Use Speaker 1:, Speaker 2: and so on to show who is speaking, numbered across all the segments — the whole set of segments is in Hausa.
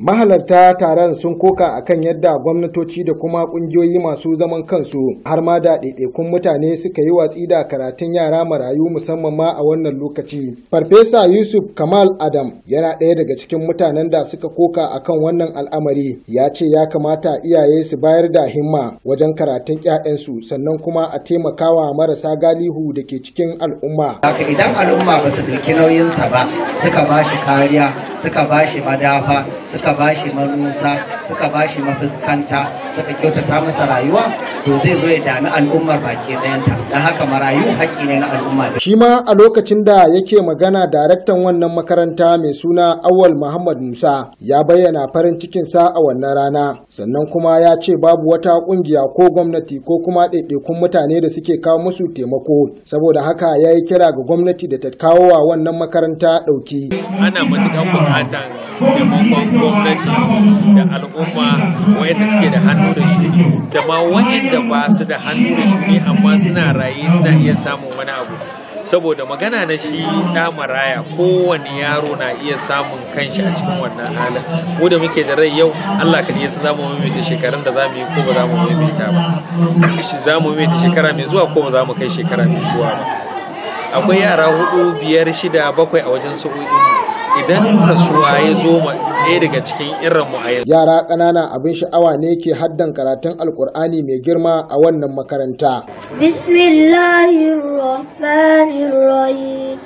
Speaker 1: mahalarta taron sun koka a kan yadda gwamnatoci da kuma kungiyoyi masu zaman kansu har ma da ɗaiɗaikun mutane suka yi watsi da karatun yara marayu musamman ma a wannan lokaci farfesa yusuf kamal adam yana ɗaya daga cikin mutanen da suka koka a kan wannan al'amari ya ce ya kamata iyaye su bayar da himma wajen karatun 'ya'yansu sannan kuma a taimakawa marasa galihu da ke cikin al'umma idan al'umma ba su
Speaker 2: ɗauki nauyinsa ba suka ba shi kariya suka bashi madafa suka bashi manusa suka bashi mafuskanta suka kyautata masa rayuwa to zai zo ya dami al'ummar baki ɗayanta don haka marayu haƙƙi ne na al'umma
Speaker 1: shi ma a lokacin da yake magana daraktan wannan makaranta mai suna awal muhammad musa ya bayyana farin cikinsa a wannan rana sannan kuma ya ce babu wata ƙungiya ko gwamnati ko kuma ɗaiɗaikun mutane da suke kawo musu taimako saboda haka ya yi kira ga gwamnati da ta kawo wa wannan makaranta ɗauki
Speaker 2: ana buƙatar taimakon gwamnati da al'umma wayanda suke da hannu da shuni da ma wayanda ba su da hannu da shuni amma suna raye suna iya samun wani abu saboda magana na shi ɗa maraya kowane yaro na iya samun kanshi a cikin wannan halin ko da muke da rai yau Allah ka ya za mu maimaita shekarun da za mu yi ko ba za mu maimaita ba shi za mu maimaita shekara mai zuwa ko ba za mu kai shekara mai zuwa ba akwai yara hudu biyar shida bakwai a wajen sa'o'in idan rasuwa ya zo ma ɗaya daga cikin
Speaker 1: irin mu yara ƙanana abin sha'awa ne ke haddan karatun Alƙur'ani mai girma a wannan makaranta
Speaker 2: bismillahirrahmanirrahim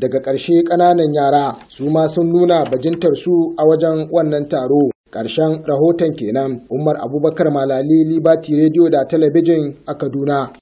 Speaker 1: Daga ƙarshe ƙananan yara su ma sun nuna bajintar su a wajen wannan taro. Ƙarshen rahoton kenan Umar Abubakar Malali Libati Radio da Talabijin a Kaduna.